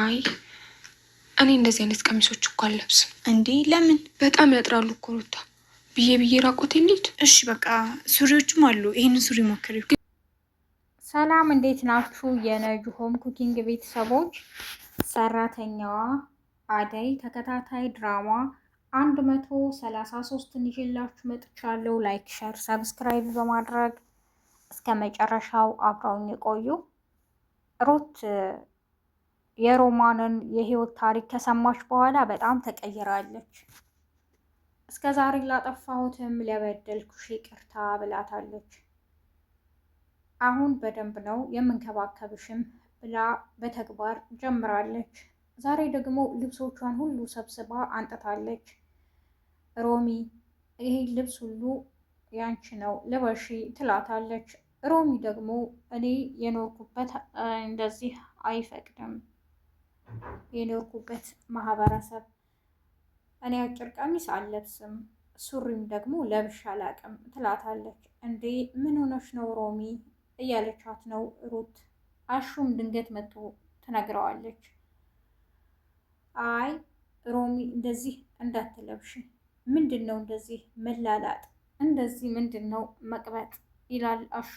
አይ እኔ እንደዚህ አይነት ቀሚሶች እኮ አልለብስም። እንዴ ለምን? በጣም ያጥራሉ እኮ ሩታ። ብዬ ብዬ ራቆት እንዴት። እሺ በቃ ሱሪዎችም አሉ። ይህን ሱሪ ሞክሪው። ሰላም እንዴት ናችሁ? የነጁ ሆም ኩኪንግ ቤተሰቦች ሰራተኛዋ አደይ ተከታታይ ድራማ አንድ መቶ ሰላሳ ሶስትን ይዤላችሁ መጥቻለሁ። ላይክ፣ ሸር፣ ሰብስክራይብ በማድረግ እስከ መጨረሻው አብረውን የቆዩ ሩት የሮማንን የህይወት ታሪክ ከሰማች በኋላ በጣም ተቀይራለች። እስከ ዛሬ ላጠፋሁትም ለበደልኩሽ ይቅርታ ብላታለች። አሁን በደንብ ነው የምንከባከብሽም ብላ በተግባር ጀምራለች። ዛሬ ደግሞ ልብሶቿን ሁሉ ሰብስባ አንጥታለች። ሮሚ ይህ ልብስ ሁሉ ያንቺ ነው ልበሺ ትላታለች። ሮሚ ደግሞ እኔ የኖርኩበት እንደዚህ አይፈቅድም የኖርኩበት ማህበረሰብ እኔ አጭር ቀሚስ አለብስም ሱሪም ደግሞ ለብሽ አላቅም ትላታለች። እንዴ ምን ሆነሽ ነው ሮሚ እያለቻት ነው ሩት። አሹም ድንገት መጥቶ ትነግረዋለች። አይ ሮሚ እንደዚህ እንዳትለብሽ፣ ምንድን ነው እንደዚህ መላላጥ፣ እንደዚህ ምንድን ነው መቅበጥ ይላል አሹ።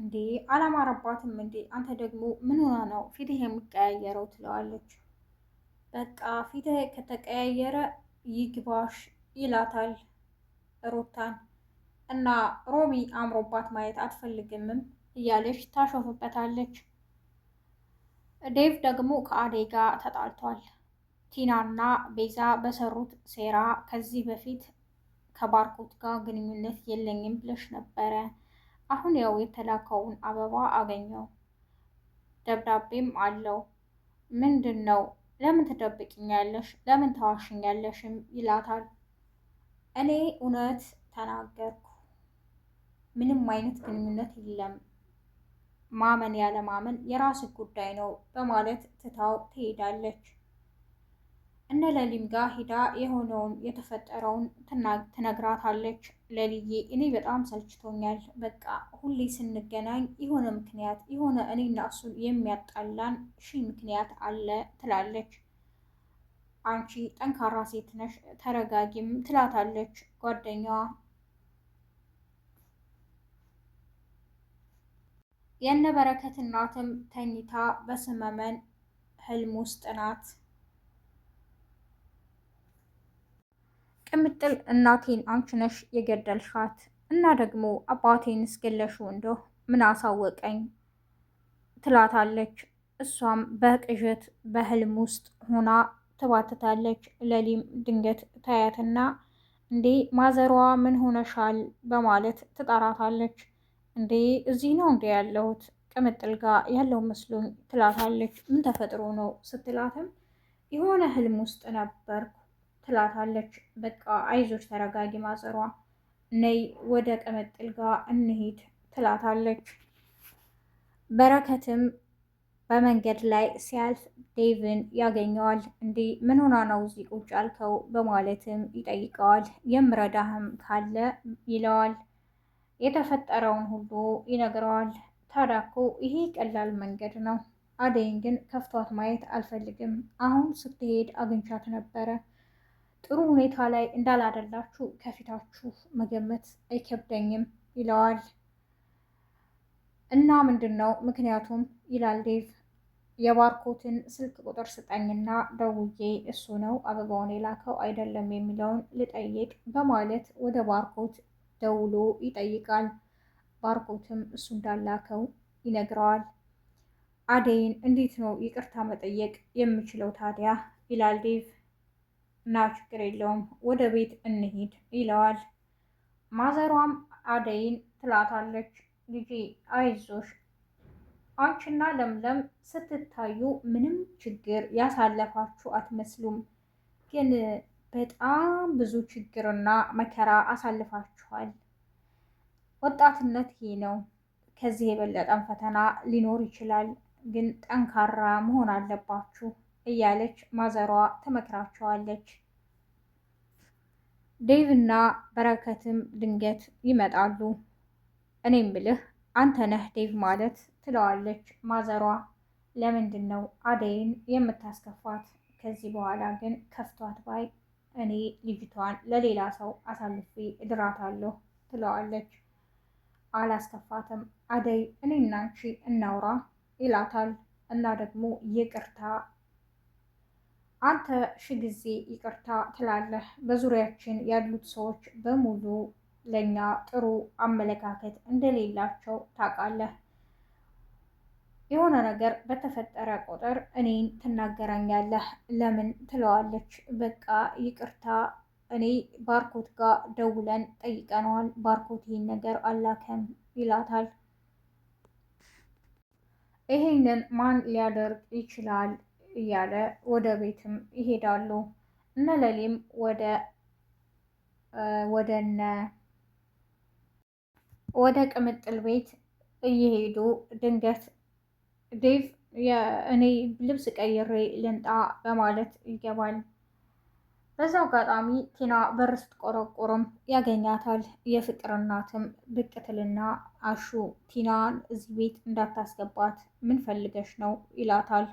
እንዴ አላማረባትም እንዴ? አንተ ደግሞ ምን ሆና ነው ፊትህ የሚቀያየረው? ትለዋለች። በቃ ፊትህ ከተቀያየረ ይግባሽ ይላታል ሩታን። እና ሮሚ አምሮባት ማየት አትፈልግምም እያለች ታሾፍበታለች። ዴቭ ደግሞ ከአዴጋ ጋር ተጣልቷል። ቲናና ቤዛ በሰሩት ሴራ ከዚህ በፊት ከባርኮት ጋር ግንኙነት የለኝም ብለሽ ነበረ አሁን ያው የተላከውን አበባ አገኘው፣ ደብዳቤም አለው። ምንድን ነው ለምን ትደብቅኛለሽ? ለምን ታዋሽኛለሽም? ይላታል። እኔ እውነት ተናገርኩ። ምንም አይነት ግንኙነት የለም። ማመን ያለማመን የራስ ጉዳይ ነው በማለት ትታው ትሄዳለች። እነ ለሊም ጋር ሂዳ የሆነውን የተፈጠረውን ትነግራታለች። ለልዬ እኔ በጣም ሰልችቶኛል፣ በቃ ሁሌ ስንገናኝ የሆነ ምክንያት የሆነ እኔና እሱን የሚያጣላን ሺ ምክንያት አለ ትላለች። አንቺ ጠንካራ ሴት ነሽ፣ ተረጋጊም ትላታለች ጓደኛዋ። የእነ በረከት እናትም ተኝታ በስመመን ህልም ውስጥ ናት። ቅምጥል እናቴን አንቺ ነሽ የገደልሻት እና ደግሞ አባቴን እስገለሹ እንደው ምን አሳወቀኝ ትላታለች። እሷም በቅዠት በህልም ውስጥ ሆና ትባትታለች። ለሊም ድንገት ታያትና እንዴ ማዘሯ ምን ሆነሻል በማለት ትጠራታለች። እንዴ እዚህ ነው እንዴ ያለሁት ቅምጥል ጋር ያለው መስሎኝ ትላታለች። ምን ተፈጥሮ ነው ስትላትም የሆነ ህልም ውስጥ ነበርኩ ትላታለች። በቃ አይዞች ተረጋጊ፣ ማዘሯ ነይ ወደ ቀመጥል ጋር እንሂድ ትላታለች። በረከትም በመንገድ ላይ ሲያልፍ ዴቭን ያገኘዋል። እንዲህ ምን ሆና ነው እዚህ ቁጭ አልከው በማለትም ይጠይቀዋል። የምረዳህም ካለ ይለዋል። የተፈጠረውን ሁሉ ይነግረዋል። ታዲያ እኮ ይሄ ቀላል መንገድ ነው። አደይን ግን ከፍቷት ማየት አልፈልግም። አሁን ስትሄድ አግኝቻት ነበረ ጥሩ ሁኔታ ላይ እንዳላደላችሁ ከፊታችሁ መገመት አይከብደኝም ይለዋል። እና ምንድን ነው ምክንያቱም ይላል ዴቭ የባርኮትን ስልክ ቁጥር ስጠኝና ደውዬ እሱ ነው አበባውን የላከው አይደለም የሚለውን ልጠይቅ በማለት ወደ ባርኮት ደውሎ ይጠይቃል። ባርኮትም እሱ እንዳላከው ይነግረዋል። አደይን እንዴት ነው ይቅርታ መጠየቅ የምችለው ታዲያ ይላል ዴቭ እና ችግር የለውም ወደ ቤት እንሂድ ይለዋል። ማዘሯም አደይን ትላታለች፣ ልጄ አይዞሽ አንቺና ለምለም ስትታዩ ምንም ችግር ያሳለፋችሁ አትመስሉም፣ ግን በጣም ብዙ ችግርና መከራ አሳልፋችኋል። ወጣትነት ይሄ ነው። ከዚህ የበለጠን ፈተና ሊኖር ይችላል፣ ግን ጠንካራ መሆን አለባችሁ እያለች ማዘሯ ትመክራቸዋለች። እና በረከትም ድንገት ይመጣሉ። እኔም ምልህ አንተ ነህ ዴቭ ማለት ትለዋለች ማዘሯ። ለምንድን ነው አደይን የምታስከፋት? ከዚህ በኋላ ግን ከፍቷት ባይ እኔ ልጅቷን ለሌላ ሰው አሳልፌ እድራታለሁ ትለዋለች። አላስከፋትም አደይ፣ እኔና አንቺ እናውራ ይላታል። እና ደግሞ ይቅርታ አንተ ሺ ጊዜ ይቅርታ ትላለህ። በዙሪያችን ያሉት ሰዎች በሙሉ ለእኛ ጥሩ አመለካከት እንደሌላቸው ታውቃለህ። የሆነ ነገር በተፈጠረ ቁጥር እኔን ትናገረኛለህ ለምን ትለዋለች። በቃ ይቅርታ እኔ ባርኮት ጋር ደውለን ጠይቀነዋል፣ ባርኮት ይህን ነገር አላከም ይላታል። ይሄንን ማን ሊያደርግ ይችላል እያለ ወደ ቤትም ይሄዳሉ። እነ ለሊም ወደ ወደነ ወደ ቅምጥል ቤት እየሄዱ ድንገት ዴቭ እኔ ልብስ ቀይሬ ልንጣ በማለት ይገባል። በዛው አጋጣሚ ቲና በር ስትቆረቆርም ያገኛታል። የፍቅር እናትም ብቅ ትልና አሹ ቲናን እዚህ ቤት እንዳታስገባት ምን ፈልገሽ ነው ይላታል።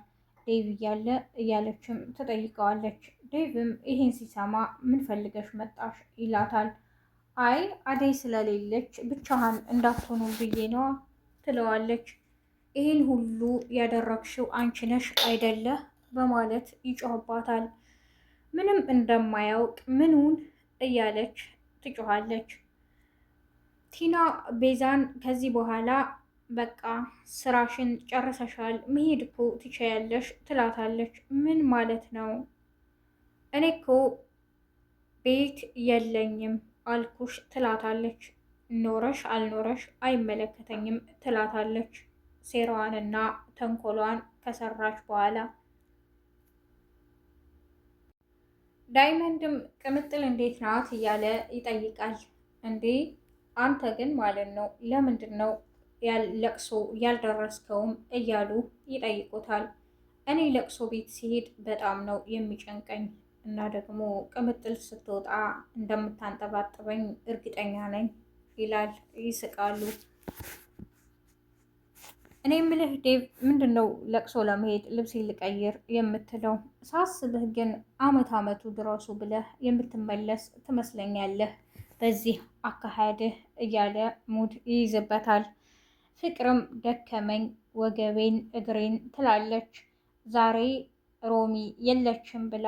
ዴቭ እያለ እያለችም ትጠይቀዋለች። ዴቭም ይህን ሲሰማ ምን ፈልገሽ መጣሽ ይላታል። አይ አደይ ስለሌለች ብቻህን እንዳትሆኑ ብዬ ነው ትለዋለች። ይህን ሁሉ ያደረግሽው አንቺ ነሽ አይደለ በማለት ይጮህባታል። ምንም እንደማያውቅ ምኑን እያለች ትጮኋለች። ቲና ቤዛን ከዚህ በኋላ በቃ ስራሽን ጨርሰሻል፣ መሄድ እኮ ትችያለሽ ትላታለች። ምን ማለት ነው? እኔ እኮ ቤት የለኝም አልኩሽ ትላታለች። ኖረሽ አልኖረሽ አይመለከተኝም ትላታለች። ሴራዋንና ተንኮሏን ከሰራች በኋላ ዳይመንድም ቅምጥል እንዴት ናት እያለ ይጠይቃል። እንዴ አንተ ግን ማለት ነው ለምንድን ነው ለቅሶ ያልደረስከውም እያሉ ይጠይቁታል። እኔ ለቅሶ ቤት ሲሄድ በጣም ነው የሚጨንቀኝ እና ደግሞ ቅምጥል ስትወጣ እንደምታንጠባጥበኝ እርግጠኛ ነኝ ይላል። ይስቃሉ። እኔ ምልህ ዴቭ ምንድን ነው ለቅሶ ለመሄድ ልብስ ልቀይር የምትለው? ሳስብህ ግን አመት አመቱ ድረሱ ብለህ የምትመለስ ትመስለኛለህ በዚህ አካሄድህ እያለ ሙድ ይይዝበታል። ፍቅርም ደከመኝ ወገቤን እግሬን ትላለች። ዛሬ ሮሚ የለችም ብላ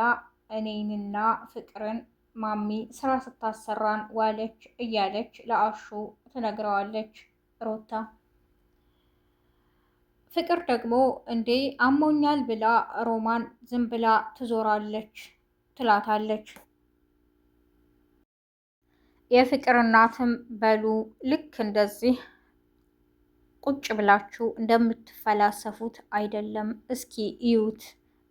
እኔንና ፍቅርን ማሚ ስራ ስታሰራን ዋለች እያለች ለአሹ ትነግረዋለች ሮታ። ፍቅር ደግሞ እንዴ አሞኛል ብላ ሮማን ዝም ብላ ትዞራለች ትላታለች። የፍቅር እናትም በሉ ልክ እንደዚህ ቁጭ ብላችሁ እንደምትፈላሰፉት አይደለም። እስኪ እዩት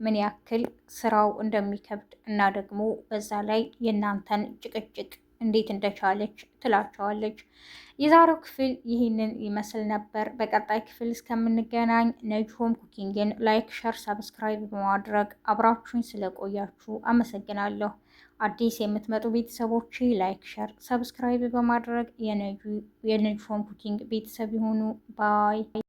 ምን ያክል ስራው እንደሚከብድ እና ደግሞ በዛ ላይ የእናንተን ጭቅጭቅ እንዴት እንደቻለች ትላቸዋለች። የዛሬው ክፍል ይህንን ይመስል ነበር። በቀጣይ ክፍል እስከምንገናኝ ነጅሆም ኩኪንግን ላይክ፣ ሸር፣ ሰብስክራይብ በማድረግ አብራችሁኝ ስለቆያችሁ አመሰግናለሁ። አዲስ የምትመጡ ቤተሰቦች ላይክ፣ ሸር፣ ሰብስክራይብ በማድረግ የነጆን ኩኪንግ ቤተሰብ የሆኑ ባይ